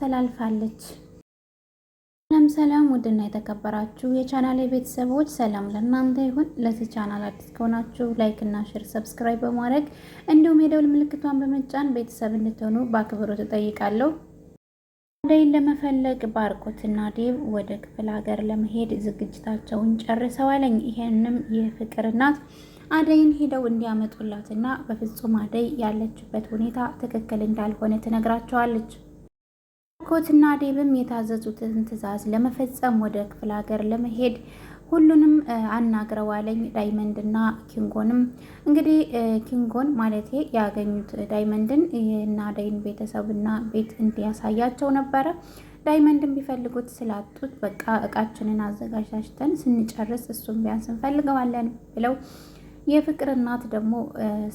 ተላልፋለች። ሰላም ሰላም፣ ውድና የተከበራችሁ የቻናል ቤተሰቦች ሰላም ለእናንተ ይሁን። ለዚህ ቻናል አዲስ ከሆናችሁ ላይክ እና ሼር፣ ሰብስክራይብ በማድረግ እንዲሁም የደውል ምልክቷን በመጫን ቤተሰብ እንድትሆኑ በአክብሮት እጠይቃለሁ። አደይን ለመፈለግ ባርኮትና ዴብ ወደ ክፍለ ሀገር ለመሄድ ዝግጅታቸውን ጨርሰዋለኝ። ይሄንም የፍቅር እናት አደይን ሄደው እንዲያመጡላትና በፍጹም አደይ ያለችበት ሁኔታ ትክክል እንዳልሆነ ትነግራቸዋለች። ባርኮትና ዴብም የታዘዙትን ትዕዛዝ ለመፈጸም ወደ ክፍለ ሀገር ለመሄድ ሁሉንም አናግረዋለኝ። ዳይመንድና ኪንጎንም እንግዲህ ኪንጎን ማለት ያገኙት ዳይመንድን እና ዳይን ቤተሰብና ቤት እንዲያሳያቸው ነበረ። ዳይመንድን ቢፈልጉት ስላጡት በቃ እቃችንን አዘጋጃጅተን ስንጨርስ እሱን ቢያንስ እንፈልገዋለን ብለው የፍቅር እናት ደግሞ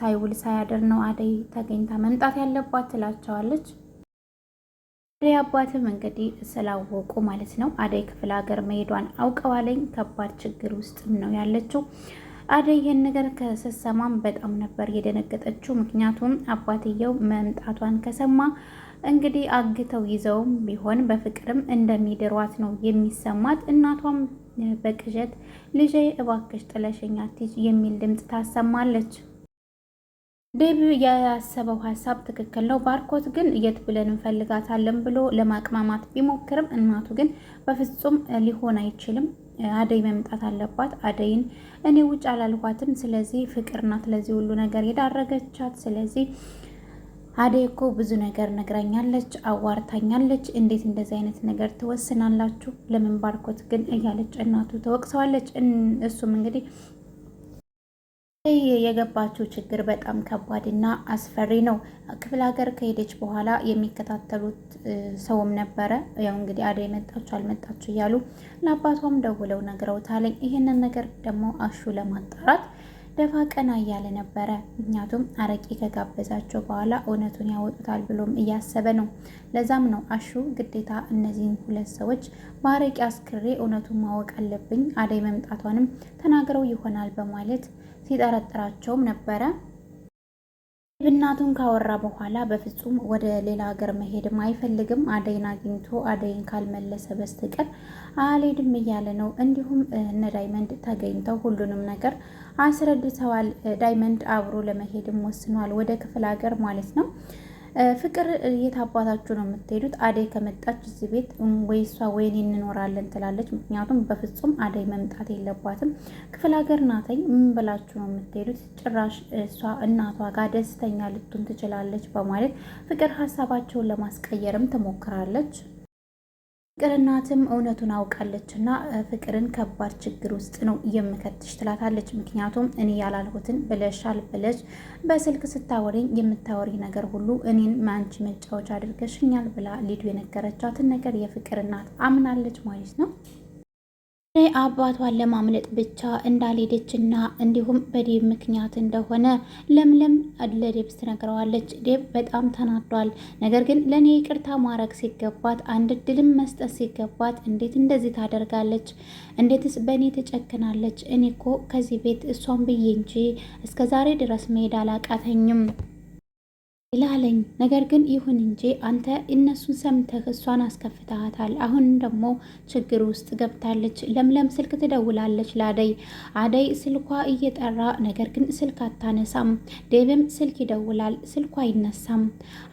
ሳይውል ሳያድር ነው አደይ ተገኝታ መምጣት ያለባት ትላቸዋለች። አደይ አባትም እንግዲህ ስላወቁ ማለት ነው አደይ ክፍለ ሀገር መሄዷን አውቀዋለኝ ከባድ ችግር ውስጥም ነው ያለችው። አደይ ይህን ነገር ከሰሰማም በጣም ነበር የደነገጠችው። ምክንያቱም አባትየው መምጣቷን ከሰማ እንግዲህ አግተው ይዘውም ቢሆን በፍቅርም እንደሚድሯት ነው የሚሰማት። እናቷም በቅዠት ልጄ እባክሽ ጥለሽኝ አትሂጂ የሚል ድምፅ ታሰማለች። ቤቢ ያሰበው ሀሳብ ትክክል ነው። ባርኮት ግን የት ብለን እንፈልጋታለን ብሎ ለማቅማማት ቢሞክርም እናቱ ግን በፍጹም ሊሆን አይችልም፣ አደይ መምጣት አለባት። አደይን እኔ ውጭ አላልኳትም። ስለዚህ ፍቅር ናት ለዚህ ሁሉ ነገር የዳረገቻት። ስለዚህ አደይ እኮ ብዙ ነገር ነግራኛለች፣ አዋርታኛለች። እንዴት እንደዚህ አይነት ነገር ትወስናላችሁ? ለምን ባርኮት ግን እያለች እናቱ ተወቅሰዋለች። እሱም እንግዲህ ይህ የገባችው ችግር በጣም ከባድና አስፈሪ ነው። ክፍለ ሀገር ከሄደች በኋላ የሚከታተሉት ሰውም ነበረ። ያው እንግዲህ አደ መጣችሁ አልመጣችሁ እያሉ ለአባቷም ደውለው ነግረውታለኝ። ይህንን ነገር ደግሞ አሹ ለማጣራት ደፋ ቀና እያለ ነበረ። ምክንያቱም አረቄ ከጋበዛቸው በኋላ እውነቱን ያወጡታል ብሎም እያሰበ ነው። ለዛም ነው አሹ ግዴታ እነዚህን ሁለት ሰዎች በአረቄ አስክሬ እውነቱን ማወቅ አለብኝ፣ አደይ መምጣቷንም ተናግረው ይሆናል በማለት ሲጠረጥራቸውም ነበረ። እናቱን ካወራ በኋላ በፍጹም ወደ ሌላ ሀገር መሄድም አይፈልግም። አደይን አግኝቶ አደይን ካልመለሰ በስተቀር አልሄድም እያለ ነው። እንዲሁም እነ ዳይመንድ ተገኝተው ሁሉንም ነገር አስረድተዋል። ዳይመንድ አብሮ ለመሄድም ወስኗል፣ ወደ ክፍለ ሀገር ማለት ነው። ፍቅር የት አባታችሁ ነው የምትሄዱት? አደይ ከመጣች እዚህ ቤት ወይ እሷ ወይኔ እንኖራለን ትላለች። ምክንያቱም በፍጹም አደይ መምጣት የለባትም። ክፍለ ሀገር ናተኝ ምን ብላችሁ ነው የምትሄዱት? ጭራሽ እሷ እናቷ ጋር ደስተኛ ልቱን ትችላለች በማለት ፍቅር ሀሳባቸውን ለማስቀየርም ትሞክራለች። ፍቅር እናትም እውነቱን አውቃለች ፍቅርን ከባድ ችግር ውስጥ ነው የምከትሽ ትላታለች። ምክንያቱም እኔ ያላልሁትን ብለሻል ብለሽ በስልክ ስታወሪኝ የምታወሪ ነገር ሁሉ እኔን ማንቺ መጫወቻ አድርገሽኛል ብላ ሊዱ የነገረቻትን ነገር የፍቅር እናት አምናለች ማለት ነው። አባቷን ለማምለጥ ብቻ እንዳልሄደች እና እንዲሁም በዴብ ምክንያት እንደሆነ ለምለም ለዴብ ትነግረዋለች። ዴብ በጣም ተናዷል። ነገር ግን ለእኔ ይቅርታ ማድረግ ሲገባት፣ አንድ ድልም መስጠት ሲገባት እንዴት እንደዚህ ታደርጋለች? እንዴትስ በእኔ ትጨክናለች? እኔ እኮ ከዚህ ቤት እሷን ብዬ እንጂ እስከ ዛሬ ድረስ መሄድ አላቃተኝም ይላለኝ ነገር ግን ይሁን እንጂ አንተ እነሱን ሰምተህ እሷን አስከፍተሃታል። አሁን ደግሞ ችግር ውስጥ ገብታለች። ለምለም ስልክ ትደውላለች ለአደይ። አደይ ስልኳ እየጠራ ነገር ግን ስልክ አታነሳም። ዴብም ስልክ ይደውላል፣ ስልኳ አይነሳም።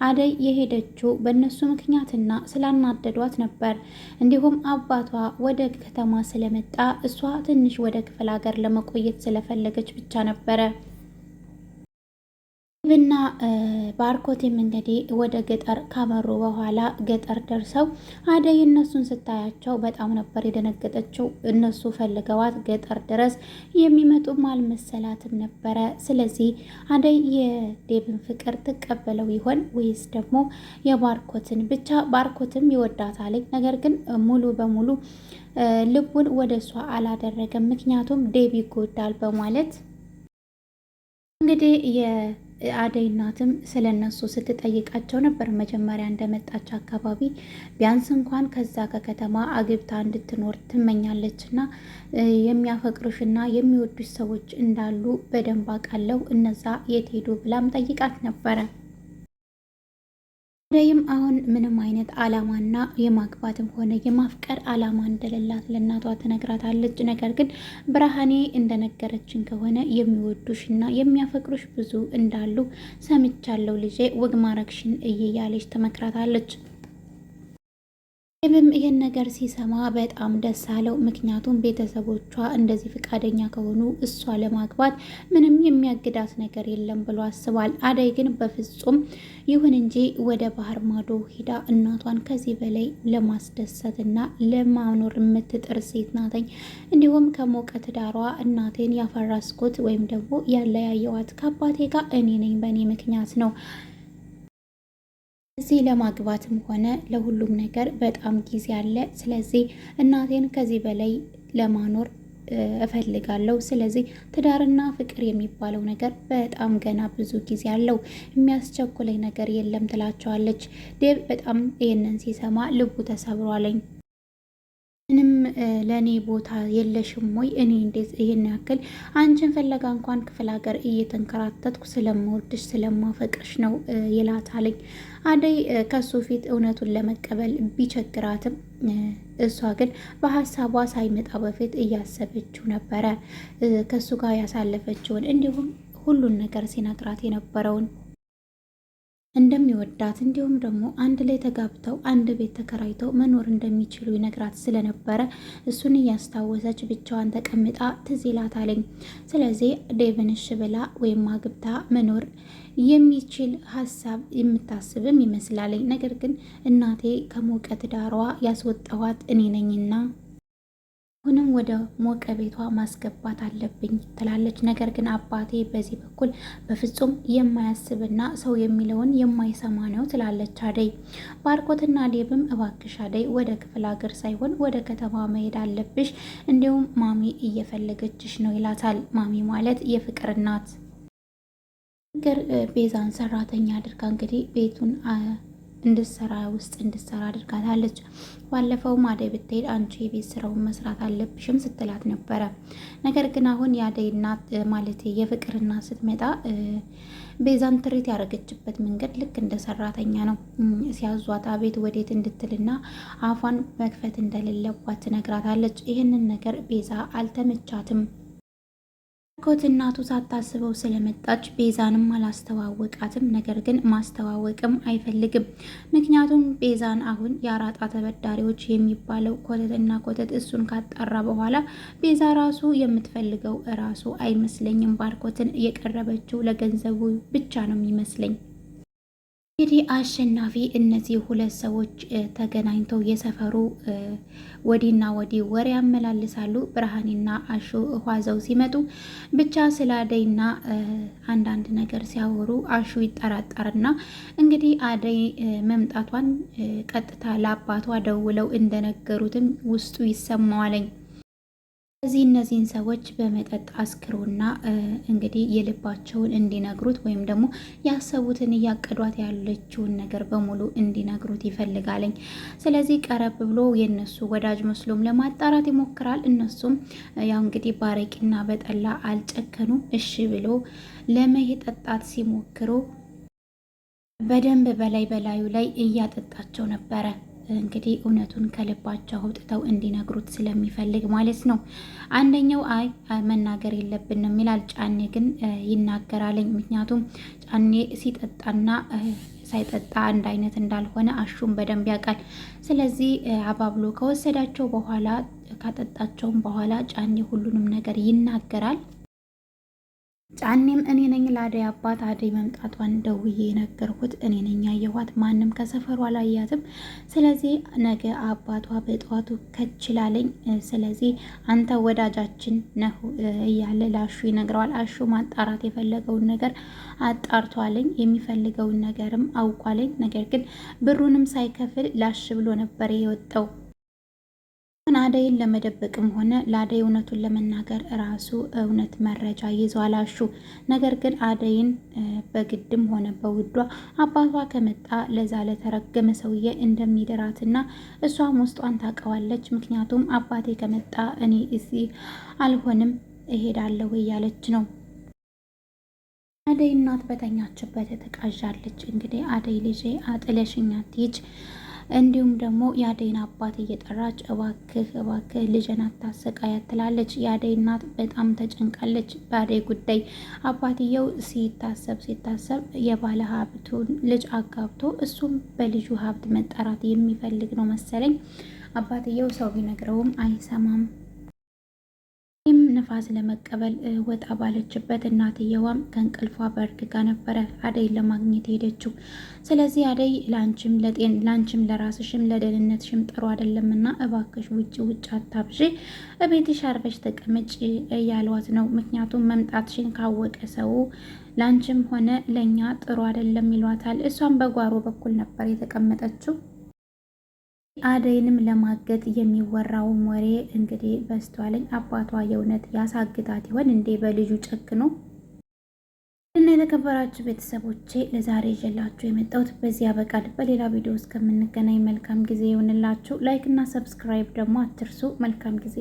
አደይ የሄደችው በእነሱ ምክንያትና ስላናደዷት ነበር። እንዲሁም አባቷ ወደ ከተማ ስለመጣ እሷ ትንሽ ወደ ክፍለ ሀገር ለመቆየት ስለፈለገች ብቻ ነበረ። ብና ባርኮቴም እንግዲህ ወደ ገጠር ካመሩ በኋላ ገጠር ደርሰው አደይ እነሱን ስታያቸው በጣም ነበር የደነገጠችው። እነሱ ፈልገዋት ገጠር ድረስ የሚመጡም አልመሰላትም ነበረ። ስለዚህ አደይ የዴብን ፍቅር ትቀበለው ይሆን ወይስ ደግሞ የባርኮትን? ብቻ ባርኮትም ይወዳታል፣ ነገር ግን ሙሉ በሙሉ ልቡን ወደ እሷ አላደረገም። ምክንያቱም ዴብ ይጎዳል በማለት እንግዲህ አደይ እናትም ስለ እነሱ ስትጠይቃቸው ነበር። መጀመሪያ እንደመጣች አካባቢ ቢያንስ እንኳን ከዛ ከከተማ አግብታ እንድትኖር ትመኛለች እና የሚያፈቅሩሽ እና የሚወዱሽ ሰዎች እንዳሉ በደንብ አውቃለሁ፣ እነዛ የት ሄዱ ብላም ጠይቃት ነበረ። አደይም አሁን ምንም አይነት አላማና የማግባትም ሆነ የማፍቀር አላማ እንደሌላት ለእናቷ ትነግራታለች። ነገር ግን ብርሃኔ እንደነገረችን ከሆነ የሚወዱሽ የሚወዱሽና የሚያፈቅሩሽ ብዙ እንዳሉ ሰምቻለሁ ልጄ፣ ወግ ማረግሽን እይ ትመክራታለች። ዴቭም ይህን ነገር ሲሰማ በጣም ደስ አለው። ምክንያቱም ቤተሰቦቿ እንደዚህ ፈቃደኛ ከሆኑ እሷ ለማግባት ምንም የሚያግዳት ነገር የለም ብሎ አስቧል። አደይ ግን በፍጹም ይሁን እንጂ ወደ ባህር ማዶ ሂዳ እናቷን ከዚህ በላይ ለማስደሰትና ለማኖር የምትጥር ሴት ናተኝ። እንዲሁም ከሞቀ ትዳሯ እናቴን ያፈራስኩት ወይም ደግሞ ያለያየዋት ከአባቴ ጋር እኔ ነኝ፣ በእኔ ምክንያት ነው እዚህ ለማግባትም ሆነ ለሁሉም ነገር በጣም ጊዜ አለ። ስለዚህ እናቴን ከዚህ በላይ ለማኖር እፈልጋለሁ። ስለዚህ ትዳርና ፍቅር የሚባለው ነገር በጣም ገና ብዙ ጊዜ አለው፣ የሚያስቸኩለኝ ነገር የለም ትላቸዋለች። ዴብ በጣም ይህንን ሲሰማ ልቡ ተሰብሯለኝ። ምንም ለእኔ ቦታ የለሽም ወይ? እኔ እንዴት ይሄን ያክል አንቺን ፍለጋ እንኳን ክፍለ ሀገር እየተንከራተትኩ ስለምወድሽ ስለማፈቅርሽ ነው ይላታለኝ። አደይ ከሱ ፊት እውነቱን ለመቀበል ቢቸግራትም እሷ ግን በሀሳቧ ሳይመጣ በፊት እያሰበችው ነበረ። ከሱ ጋር ያሳለፈችውን እንዲሁም ሁሉን ነገር ሲነግራት የነበረውን እንደሚወዳት እንዲሁም ደግሞ አንድ ላይ ተጋብተው አንድ ቤት ተከራይተው መኖር እንደሚችሉ ይነግራት ስለነበረ እሱን እያስታወሰች ብቻዋን ተቀምጣ ትዝ ይላታለኝ። ስለዚህ ዴቭን እሽ ብላ ወይም አግብታ መኖር የሚችል ሀሳብ የምታስብም ይመስላለኝ። ነገር ግን እናቴ ከሞቀት ዳሯ ያስወጣኋት እኔ ነኝና አሁንም ወደ ሞቀ ቤቷ ማስገባት አለብኝ ትላለች። ነገር ግን አባቴ በዚህ በኩል በፍጹም የማያስብና ሰው የሚለውን የማይሰማ ነው ትላለች አደይ። ባርኮትና ዴብም እባክሽ አደይ ወደ ክፍለ ሀገር ሳይሆን ወደ ከተማ መሄድ አለብሽ፣ እንዲሁም ማሚ እየፈለገችሽ ነው ይላታል። ማሚ ማለት የፍቅር እናት ቤዛን ሰራተኛ አድርጋ እንግዲህ ቤቱን እንድትሰራ ውስጥ እንድትሰራ አድርጋታለች። ባለፈው አደይ ብትሄድ አንቺ የቤት ስራውን መስራት አለብሽም ስትላት ነበረ። ነገር ግን አሁን የአደይ እናት ማለት የፍቅር እናት ስትመጣ ቤዛን ትሪት ያደረገችበት መንገድ ልክ እንደ ሰራተኛ ነው። ሲያዟት አቤት ወዴት እንድትልና አፏን መክፈት እንደሌለባት ትነግራታለች። ይህንን ነገር ቤዛ አልተመቻትም። ባርኮት እናቱ ሳታስበው ስለመጣች ቤዛንም አላስተዋወቃትም። ነገር ግን ማስተዋወቅም አይፈልግም። ምክንያቱም ቤዛን አሁን የአራጣ ተበዳሪዎች የሚባለው ኮተትና ኮተት እሱን ካጣራ በኋላ ቤዛ ራሱ የምትፈልገው ራሱ አይመስለኝም። ባርኮትን የቀረበችው ለገንዘቡ ብቻ ነው የሚመስለኝ። እንግዲህ አሸናፊ እነዚህ ሁለት ሰዎች ተገናኝተው የሰፈሩ ወዲና ወዲህ ወሬ ያመላልሳሉ። ብርሃኔና አሹ ኋዘው ሲመጡ ብቻ ስለ አደይና አንዳንድ ነገር ሲያወሩ አሹ ይጠራጠርና እንግዲህ አደይ መምጣቷን ቀጥታ ለአባቷ ደውለው እንደነገሩትም ውስጡ ይሰማዋለኝ። እዚህ እነዚህን ሰዎች በመጠጥ አስክሮና እንግዲህ የልባቸውን እንዲነግሩት ወይም ደግሞ ያሰቡትን እያቀዷት ያለችውን ነገር በሙሉ እንዲነግሩት ይፈልጋለኝ። ስለዚህ ቀረብ ብሎ የነሱ ወዳጅ መስሎም ለማጣራት ይሞክራል። እነሱም ያው እንግዲህ ባረቂና በጠላ አልጨከኑ እሺ ብሎ ለመጠጣት ሲሞክሩ በደንብ በላይ በላዩ ላይ እያጠጣቸው ነበረ። እንግዲህ እውነቱን ከልባቸው አውጥተው እንዲነግሩት ስለሚፈልግ ማለት ነው። አንደኛው አይ መናገር የለብንም ይላል። ጫኔ ግን ይናገራለኝ። ምክንያቱም ጫኔ ሲጠጣና ሳይጠጣ አንድ አይነት እንዳልሆነ አሹም በደንብ ያውቃል። ስለዚህ አባብሎ ከወሰዳቸው በኋላ ካጠጣቸውም በኋላ ጫኔ ሁሉንም ነገር ይናገራል። ጫኔም እኔ ነኝ ለአደይ አባት አደይ መምጣቷን ደውዬ የነገርኩት እኔ ነኝ ያየኋት፣ ማንም ከሰፈሩ አላያትም። ስለዚህ ነገ አባቷ በጠዋቱ ከችላለኝ። ስለዚህ አንተ ወዳጃችን ነህ እያለ ላሹ ይነግረዋል። አሹ ማጣራት የፈለገውን ነገር አጣርቷለኝ፣ የሚፈልገውን ነገርም አውቋለኝ። ነገር ግን ብሩንም ሳይከፍል ላሽ ብሎ ነበር የወጣው። አደይን ለመደበቅም ሆነ ለአደይ እውነቱን ለመናገር ራሱ እውነት መረጃ ይዞ አላሹ። ነገር ግን አደይን በግድም ሆነ በውዷ አባቷ ከመጣ ለዛ ለተረገመ ሰውዬ እንደሚደራትና እሷም ውስጧን ታውቀዋለች። ምክንያቱም አባቴ ከመጣ እኔ እዚህ አልሆንም እሄዳለሁ እያለች ነው። አደይ እናት በተኛችበት ተቃዣለች። እንግዲህ አደይ ልጄ አጥለሽኛት ይጅ እንዲሁም ደግሞ የአደይን አባት እየጠራች እባክህ እባክህ ልጅን አታሰቃያት ትላለች። የአደይ እናት በጣም ተጨንቃለች በአደይ ጉዳይ። አባትየው ሲታሰብ ሲታሰብ የባለ ሀብቱን ልጅ አጋብቶ እሱም በልጁ ሀብት መጠራት የሚፈልግ ነው መሰለኝ። አባትየው ሰው ቢነግረውም አይሰማም። ንፋስ ለመቀበል ወጣ ባለችበት እናትየዋም ከእንቅልፏ በእርግጋ ነበረ አደይ ለማግኘት ሄደችው። ስለዚህ አደይ ለአንቺም ለጤን ለአንቺም ለራስሽም ለደህንነትሽም ጥሩ እና እባክሽ ውጭ ውጭ አታብዢ፣ እቤትሽ አርፈሽ ተቀመጭ እያሏት ነው። ምክንያቱም መምጣትሽን ካወቀ ሰው ለአንቺም ሆነ ለእኛ ጥሩ አይደለም ይሏታል። እሷም በጓሮ በኩል ነበር የተቀመጠችው። አደይንም ለማገት የሚወራው ወሬ እንግዲህ በስቷለኝ። አባቷ የእውነት ያሳግታት ይሆን እንዴ? በልዩ ጨክኖ እና የተከበራችሁ ቤተሰቦቼ ለዛሬ ይዤላችሁ የመጣሁት በዚህ በቃል በሌላ ቪዲዮ እስከምንገናኝ መልካም ጊዜ ይሆንላችሁ። ላይክ እና ሰብስክራይብ ደግሞ አትርሱ። መልካም ጊዜ